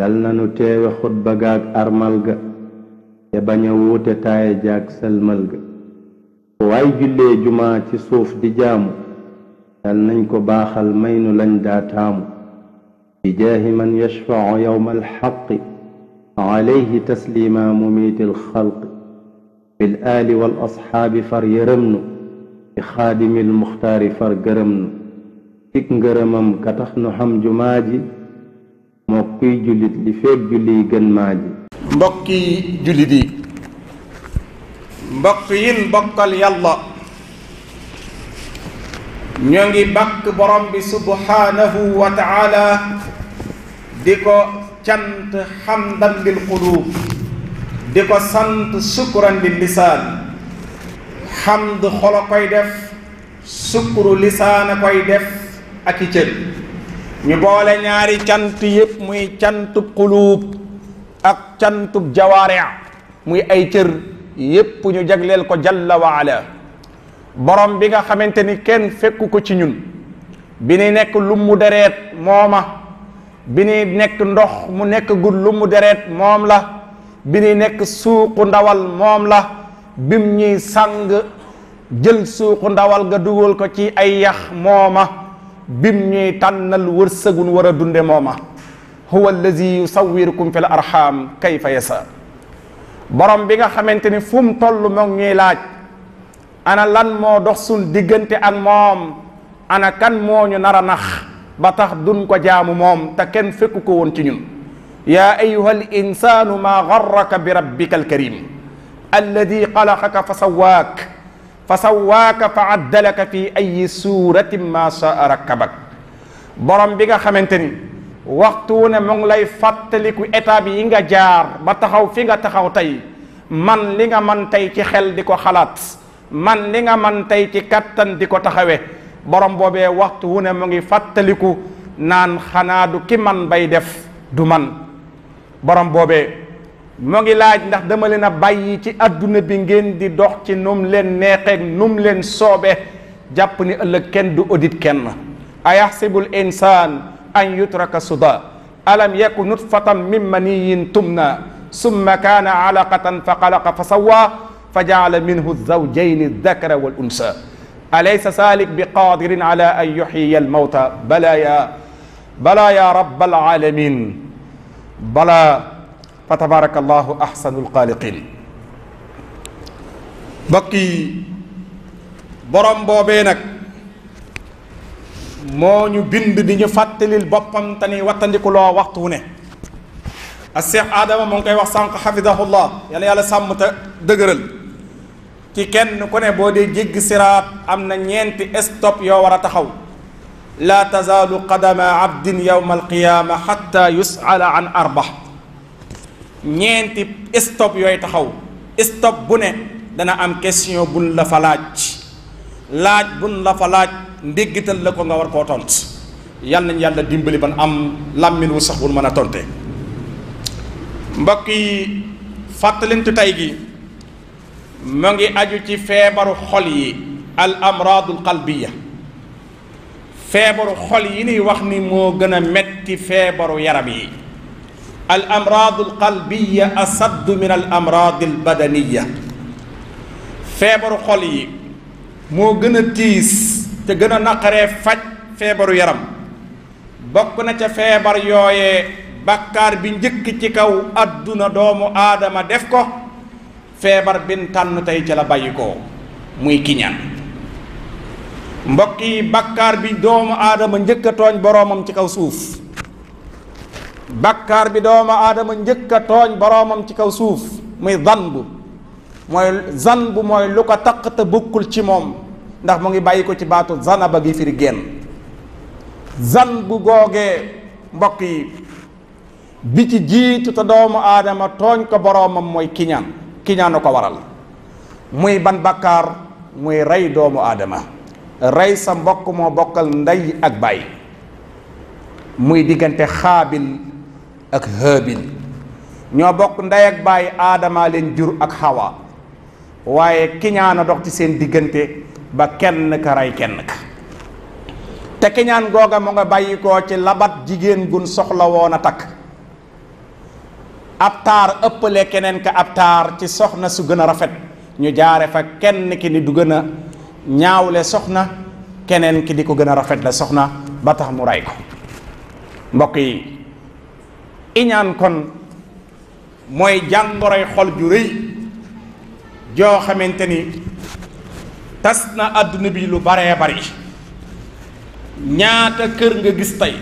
yal nu teewe khutba gaak armal ga te baña a tay jaak jaag sëlmal ga way julle juma ci suuf di jaamu dal nañ ko baxal maynu lañ da taamu bi jaahi man yashfau yowma al-haqq عليه تسليما مميت الخلق aali wal asxaabi far yërëm nu bi xaadimil muxtaari far gërëm nu cig ngërëmam ka moo kuy jullit li feeg julli yi gën maa ji mbokki jullit yi mbokk yin ñoo ngi bàkk borom bi subhaanahu wa taala di ko cant xamdan lil di ko sant sukkuran lil lisaan xamd xolo def sukkuru lisaan def ak ñu boole ñaari cant yëpp muy cantub xuluub ak cantub jawaare muy ay cër yépp ñu jagleel ko jalla wa ala borom bi nga xamante ni kenn fekku ko ci ñun bi ni nekk lummu dereet mooma bi ni nekk ndox mu nekk gud lummu dereet moom la bi ni nekk suuqu ndawal moom la bim ñuy sàng jël suuqu ndawal nga dugal ko ci ay yax mooma bim ñuy tànnal wërsëgun war a dunde mooma huwa allazi yusawirukum fil arham kayfa yasa borom bi nga xamante ni fu mu toll moom ñuy laaj ana lan moo dox sun diggante ak moom ana kan moo ñu nar a nax ba tax dun ko jaamu moom te kenn fekku ko woon ci ñun yaa ayuha al insanu maa garraka bi rabbika alkarim alladi xalaqaka fa sawaak fa sawwaaka fa addalaka fi ay suuratin ma saa rakkabak borom bi nga xamante ni waxtu wu ne mu ngi lay fàttaliku étape yi nga jaar ba taxaw fi nga taxaw tey man li nga man tey ci xel di ko xalaat man li nga man tey ci kattan di ko taxawee borom boobee waxtu wu ne mu ngi fàttaliku naan xanaa du ki man bay def du man borom boobee mogi laaj ndax dama leena bàyyi ci aduna bi ngeen di dox ci num leen neex ak num leen sobe jàpp ni ëllëg ken du audit kenn ayaxsibul insan an yutraka suda alam yakun nutfatan min maniyin tumna summa kana alaqatan fa xalaqa fa sawa fa jaala minhu zawjayni dakara wal unsa alaysa salik bi qadirin ala an yuxyiya almawta bala ya bala ya rabbal alamin bala فتبارك الله احسن القالقين بقي بروم بوبي نك مو ني بند دي ني فاتلي البوبام تاني واتانديكو لو وقتو ني الشيخ ادم مون كاي واخ سانخ حفظه الله يالا يالا سام دغرل كي كين كوني بو دي جيغ سيرات امنا نينتي استوب يو ورا تخاو لا تزال قدم عبد يوم القيامه حتى يسال عن اربعه ñeenti stop yooyu taxaw stop bu ne dana am question buñ la fa laaj laaj buñ la fa laaj ndéggital la ko nga war koo tont yal nañ yàlla dimbali ban am làmmiñ wu sax wu mën a tonte mbokk yi fàttalintu tey gi mu ngi aju ci feebaru xol yi al amraadul qalbiya feebaru xol yi nuy wax ni moo gën a metti feebaru yaram yi al amraadu al qalbiya asaddu min al amraadi al badaniya feebaru xol yi moo gën a tiis te gën a naqaree faj feebaru yaram bokk na ca feebar yooyee bàkkaar bi njëkk ci kaw àdduna doomu aadama def ko feebar bin tànn tey ca la bàyyi ko muy kiñaan mbokk bàkkaar bi doomu aadama njëkk tooñ boroomam ci kaw suuf bakkaar bi doomu aadama njëkk a tooñ boroomam ci kaw suuf muy zan bu mooy zan bu mooy lu ko taq te bokkul ci moom ndax mu ngi bàyyi ko ci baatu zanaba gi firi génn zan bu googee mbokk yi bi ci jiitu te doomu aadama tooñ ko boroomam mooy kiñaan kiñaanu ko waral muy ban bakkaar muy rey doomu aadama rey sa mbokk moo bokkal ndey ak baay muy diggante xaabil ak haabil ñoo bokk ndey ak bàyyi aadama leen jur ak xawa waaye kiñaan dox ci seen diggante ba kenn ka rey kenn ka te kiñaan googa mu nga bàyyikoo ci labat jigéen gun soxla woon a takk ab taar ëppale keneen ka ab taar ci soxna su gën a rafet ñu jaare fa kenn ki ni du gëna ñaawle soxna keneen ki di ko gën a rafet la soxna ba tax mu rey ko mbokk iñaan kon mooy jàngoroy xol ju rëy joo xamante ni tas na àdduna bi lu baree bari ñaata kër nga gis tey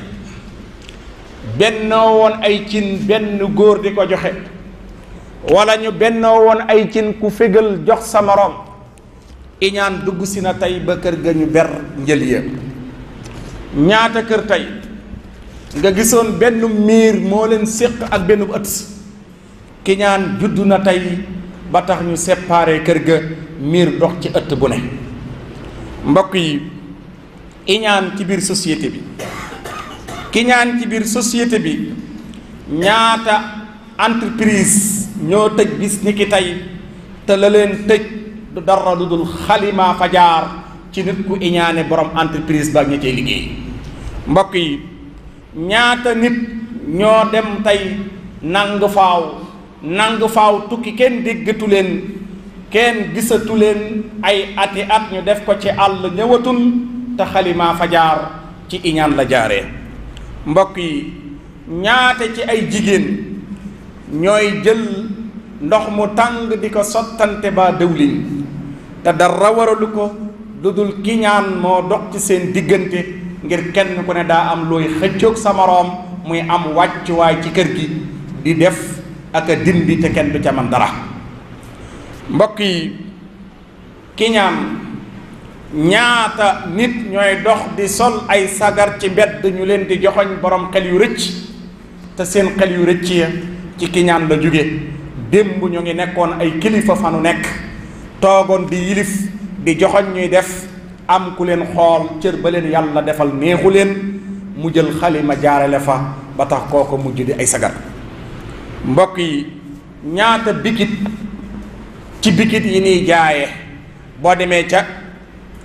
bennoo woon ay cin benn góor di ko joxe wala ñu bennoo woon ay cin ku fégal jox sa moroom iñaan dugg si na tey ba kër ga ñu ber njël ya ñaata kër tey nga gisoon benn miir moo leen séq ak benn ëtt ki ñaan juddu na tey ba tax ñu séparé kër ga miir dox ci ëtt bu ne mbokk yi iñaan ci biir société bi kiñaan ci biir société bi ñaata entreprise ñoo tëj bis ni ki tey te la leen tëj du dara lu dul xalimaa fa jaar ci nit ku iñaane borom entreprise ba ñu cay liggéey mbokk yi ñaata nit ñoo dem tey nang faaw tukki kenn déggatu leen kenn gisatu leen ay ati at ñu def ko ci àll ñëwatul te xalimaa fa ci iñaan la jaaree mbokk yi ñaata ci ay jigéen ñooy jël ndox mu tàng di ko sottante ba dëwlin te dara waralu ko lu dul kiñaan moo dox ci seen diggante ngir kenn ku ne daa am looy xëccoog sa moroom muy am wàccuwaay ci kër gi di def ak dindi te kenn du ca man dara mbokk yi ñaan ñaata nit ñooy dox di sol ay sagar ci mbedd ñu leen di joxoñ borom xel yu rëcc te seen xel yu rëcc ya ci ñaan la jóge démb ñu ngi nekkoon ay kilifa nu nekk toogoon di yilif di joxoñ ñuy def am ku leen xool cër ba leen yàlla defal neexu leen mu jël xalima jaarale fa ba tax kooko mujj di ay sagar mbokk yi ñaata bikit ci bikit yi niy jaaye boo demee ca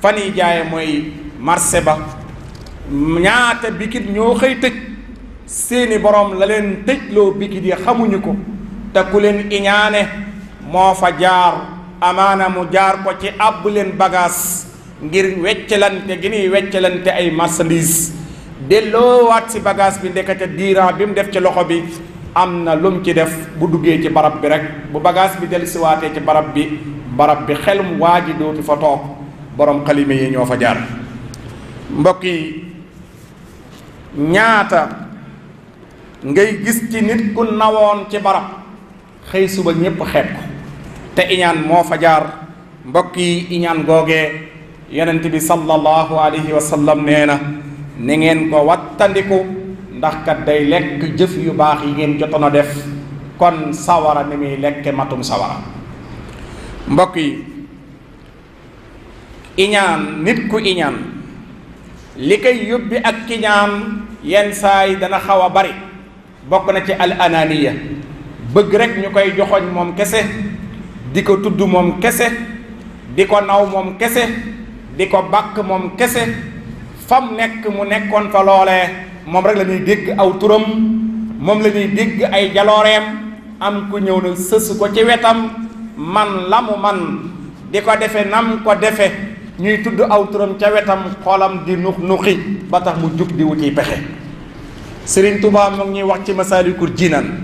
fa niy jaaye mooy marché ba ñaata bikit ñoo xëy tëj seeni borom la leen tëjloo bikit yi xamuñu ko te ku leen iñaane moo fa jaar amaana mu jaar ko ci àbb leen bagaas ngir weccalante gi ñuy weccalante ay marchandise wat ci bagage bi bagas dira bim def ci loxo bi am lum ci def bu duggé ci barab bi rek bu bagage bi delsi waté ci barab bi barab bi xelum waji do dootu fa toog borom khalima yi ñofa jaar mbokki ñaata ngay gis ci nit ku nawon ci barab xey suba ñepp xeeb ko te iñaan mo fa jaar mbokki iñaan Yananti bi sallallahu alaihi wasallam neena ni ngeen ko wattandiku ndax kat day lek jëf yu bax yi ngeen def kon sawara ni mi lekke matum sawara mbok yi iñaan nit ku iñaan likay yubbi ak kiñaan yen say dana xawa bari bok na ci al ananiya bëgg rek ñu joxoñ moom kese Diko ko kese naw mom kese diko bak mom kesse kese fam nek mu nekkon fa lolé mom rek lañuy ñuy dégg aw turam mom lañuy dégg ay am ku ñew na sës ko ci wetam man lamu man diko défé nam ko défé ñuy tudd aw turam ci wetam xolam di nuk nuxi ba tax mu juk di wuti pexé Serigne Touba mo ngi wax ci masalikur jinan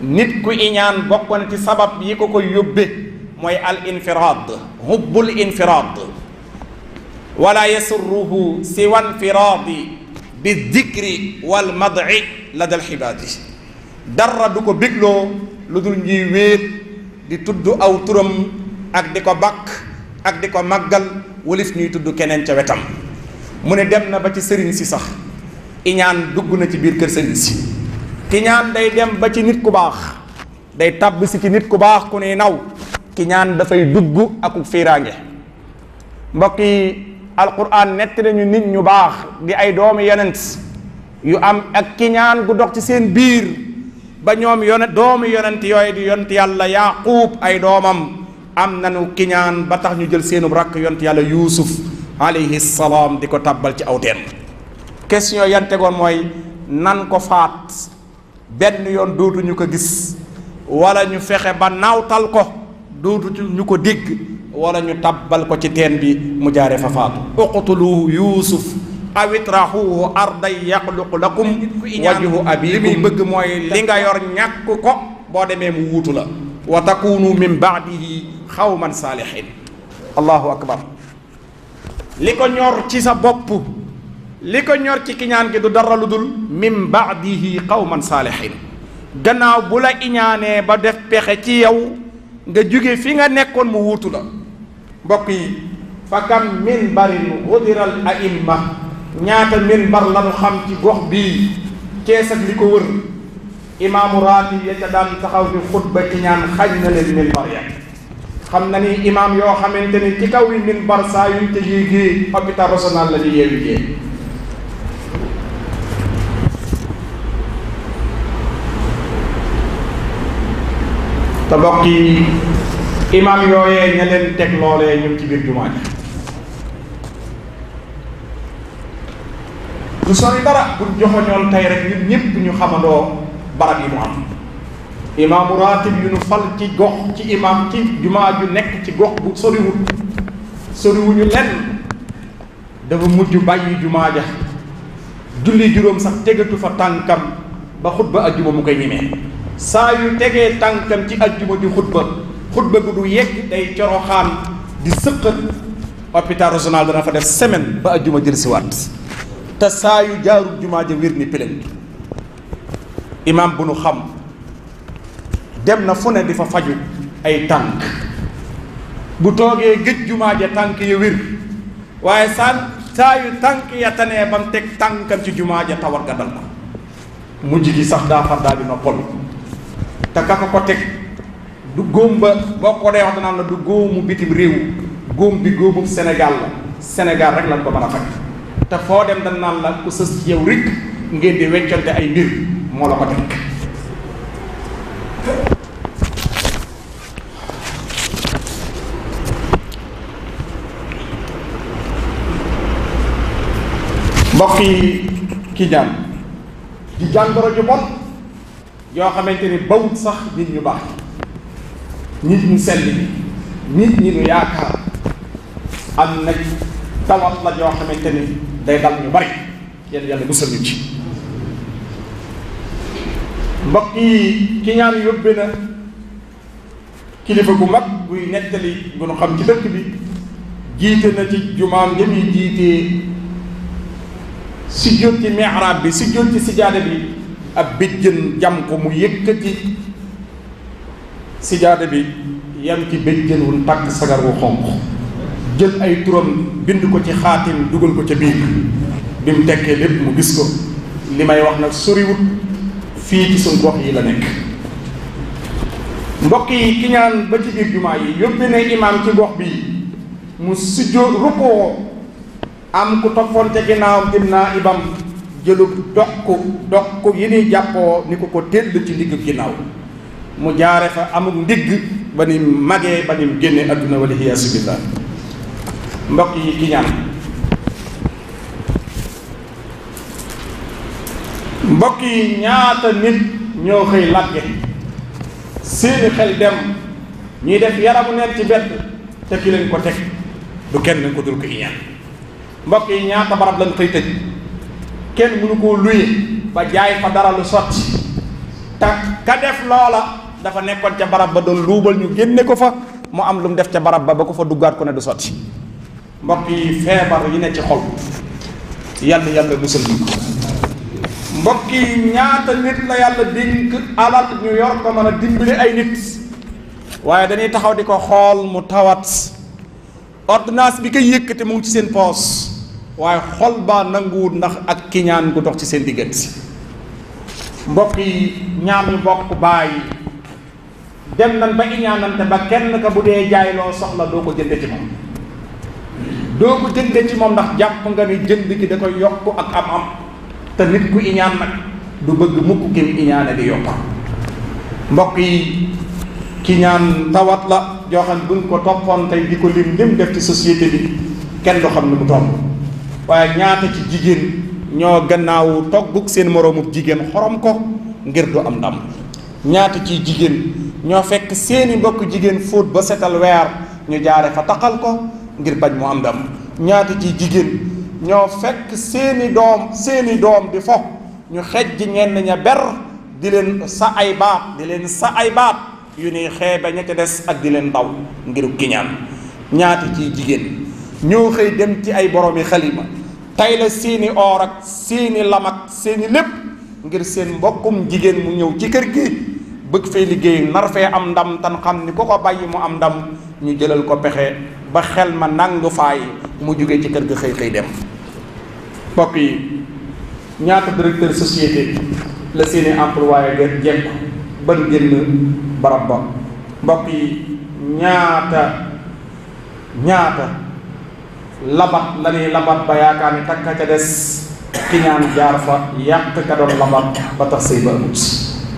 nit ku iñaan bokkon ci sabab yi ko ko yobbe moy al infirad hubbul infirad wala yasurruhu siwa infiraadi bi dikri wal mad'i la dal yi dara du ko bégloo lu dul ñuy wéet di tudd aw turam ak di ko bakk ak di ko màggal walis ñuy tudd keneen ca wetam mu ne dem na ba ci sëriñ si sax iñaan dugg na ci biir kër sëriñ si kiñaan day dem ba ci nit ku baax day tàbb ci nit ku baax ku ne naw kiñaan dafay dugg akuk fiiraange mbokk alquran netti nañu nit ñu bax di ay doomi yonent yu am ak kiñaan gu dox ci seen biir ba ñoom yonent doomi yonent yoy di yonent yalla yaqub ay domam am nanu kiñaan ba tax ñu jël seenu rak yonent yalla yusuf alayhi salam di ko ci aw question yante gon moy nan ko faat ben yon dootu ñuko gis wala ñu fexé ba nawtal ko dootu ñuko ko wala ñu tabbal ko ci teen bi mu jaare fa faatu uqtuluhu yuusuf aw itrahuhu arday yaxluq lakum wajhu abikum li muy bëgg mooy li nga yor ñàkk ko boo demee mu wuutu la wa takunu min baadihi xawman saalihin allahu akbar li ko ñor ci sa bopp li ko ñor ci kiñaan gi du dara lu dul di baadihi qawman saalihin gannaaw bu la iñaanee ba def pexe ci yow nga jóge fi nga nekkoon mu wuutu la mbokk yi fa kam min barin wudiral aimma ñaata min bar la ñu xam ci gox bii kees li ko wër imaamu raati ya ca daan taxaw di xutba ci xaj na leen min bar ya xam na ni imaam yoo xamante ni ci kaw yi min bar saa yuñ te yéegee hôpital régional la ñu yeewu jee te mbokk yi imam yooyee ña leen teg loolee ñu ci biir jumaa ji lu sori dara bu joxoñoon tey rek ñun ñëpp ñu xamandoo barab yi mu am imaamu raatib yu nu fal ci gox ci imam ci jumaa ju nekk ci gox bu soriwul soriwuñu lenn dafa mujj bàyyi jumaa ja julli juróom sax tegatu fa tànkam ba xutba ajjuma mu koy ñemee saa yu tegee tànkam ci ajjuma ju xutba khutba gu du yegg day xam di sëqat hôpital régional dana fa def semaine ba ajjuma jël wat ta sayu jaru ja ni imam bu nu xam dem na fune di fa faju ay tank bu toge gej jumaa ja tank ye ya wir waye saa sayu tank ya tane bam tek teg ci jumaa ja tawar ga dal ko mujj sax da far di noppal te ka ko ko du góomba boo ko dee wax dana la du góomu bitim rew gom bi góomu senegal la senegal rek lañ ko mara fak ta fo dem dañ nan la ko sës ci yow rek ngeen di weccante ay mbir mo la ko tek mbokk ki jam di jàngoro ju bon yo xamanteni bawut sax nit ñu bax nit ñu sell bi nit ñi ñu yaakaar am nag tawat la xamante ni day dal ñu bari yéen yàlla musal ñu ci mbokk yi ki ñaan yóbbe na kilifa gu mag buy nettali bu nu xam ci dëkk bi jiite na ci jumaam ñi muy jiitee si jot ci mihrab bi si jot ci sijaada bi ab bijjën jam ko mu yëkkati sijaada bi yam ci béjjën wul tàkk sagar wu xonq jël ay turam bind ko ci xaatim dugal ko ca biir bi mu tekkee lépp mu gis ko li may wax nag soriwut fii ci suñ yi la nekk mbokk yi ki ñaan ba ci biir jumaa yi yóbbe ne imaam ci gox bi mu sujjo rukkoo am ku toppoon ca ginnaawam dim naa ibam jëlub doq doq yi nuy jàppoo ni ko ko tëdd ci ndigg ginnaaw mu jaare fa amul ndig bani ni bani ba aduna génne àdduna billah mbokk yi ki ñaan mbokk yi ñaata nit ño xey làgge seen xel dem ñi def yaramu neen ci bet te ki leen ko tek du kenn nañ ko dul ko ñaan mbokk yi ñaata barab lañ fay tej kenn mënu ko luyé ba jaay fa dara lu sotti tak ka def loola dafa nekkoon ca barab ba doon luubal ñu génne ko fa mu am lu mu def ca barab ba ba ko fa duggaat ko ne du sotti mbokk yi feebar yi ne ci xol yàlla yàlla musal ñu ko mbokk yi ñaata nit yàlla dénk alal ñu yor ko mën a ay nit waaye dañuy taxaw di ko xool mu tawat ordonnance bi koy yëkkate mu ngi ci seen poos waaye xol baa nanguwut ndax ak kiiñaan gu dox ci seen diggante mbokk yi ñaami bokk bàyyi dem nan ba iñaanante ba kenn ka bu dee jaay loo soxla doo ko jënde ci moom doo ko jënde ci moom ndax jàpp nga ni jënd ki da koy yokk ak am am te nit ku iñaan nag du bëgg mukk ki mu iñaane di yokk mbokk yi ki ñaan tawat la joo xam buñ ko toppoon tey di ko lim lim def ci société bi kenn du xam ne mu toll waaye ñaata ci jigéen ñoo gannaaw togguk seen moroomub jigéen xorom ko ngir du am ndam ñaata ci jigéen ñoo fekk seeni mbokk jigéen fóot ba setal weer ñu jaare fa takkal ko ngir bañ mu am ndam ñaata ci jigéen ñoo fekk seeni doom seeni doom di fo ñu xejj ñenn ña ber di leen sa ay baat di leen sa ay baat yu ni xeebe ña ca des ak di leen daw ngir giñaan ñaata ci jigéen ñoo xëy dem ci ay boroomi xalima tey la seeni or seeni lam seeni lépp ngir seen mbokkum jigéen mu ñëw ci kër gi bëgg fee liggéey nar fee am ndam tan xam ni ku ko bàyyi mu am ndam ñu jëlal ko pexe ba xel ma nang faay mu jóge ci kër ga xëy xëy dem bokk yi ñaata directeur société la seeni employé gën jekk ban génn barab ba mbokk yi ñaata ñaata labat la ñuy labat ba yaakaar ni takka ca des ki jaar fa yàq ka doon labat ba tax ba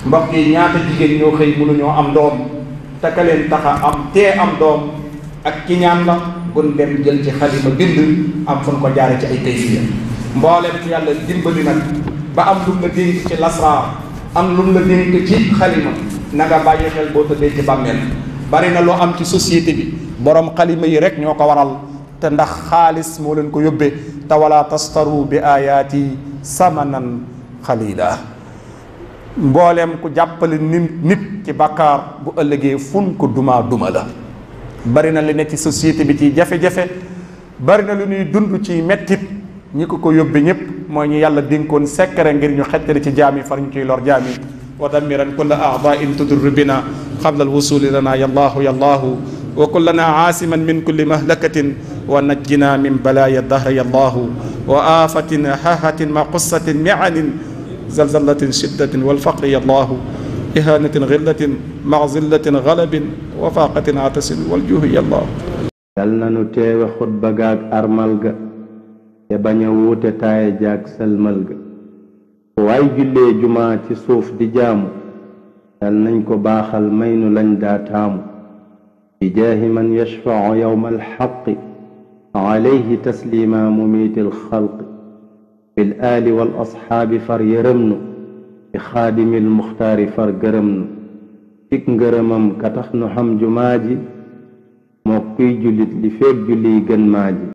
mbokk yi ñaata jigéen ñoo xëy ñoo am doom te ka leen a am tee am doom ak ki ñaan la bun dem jël ci xalima bind am fu ko jaare ci ay taysiya mboolem ci yàlla dimbali nag ba am lu la dénk ci lasraar am lu la dénk ci xalima na nga bàyyi xel boo tëddee ci bàmmeel bari na loo am ci société bi borom xalima yi rek ñoo ko waral te ndax xaalis moo leen ko yóbbee te wala tastaru bi ayaati samanan xalila mbollem ku jàppale nit nit ci bakar bu ëllëgé fun ko duma duma la bari na li ne ci société bi ci jafe-jafe bari na lu ñuy dund ci mettit ñi ko ko yóbbe ñep moy ñu yàlla dénkoon sekkare ngir ñu xettali ci jami far ñu ci lor jami wa damiran kulla aadain tudurru bina qabla alwusuli lana ya allah wa kullana asiman min kulli mahlakatin wa najjina min balaaya dahri yallahu wa aafatin hahatin ma qussatin mianin زلزلة شدة والفقر يا الله إهانة غلة مع زلة غلب وفاقة عتس والجوه يا يضاه يلنا نتاوي خد بقاك أرملغ يبني ووت تايجاك سلملغ واي جلي جماعة صوف دجام يلنا نكو باخ المين لنداتام بجاه من يشفع يوم الحق عليه تسليما مميت الخلق بالآل والأصحاب فريرمنو بخادم المختار فرقرمنو تيك كتخنو حمجو ماجي موكي جلد لفيك جن ماجي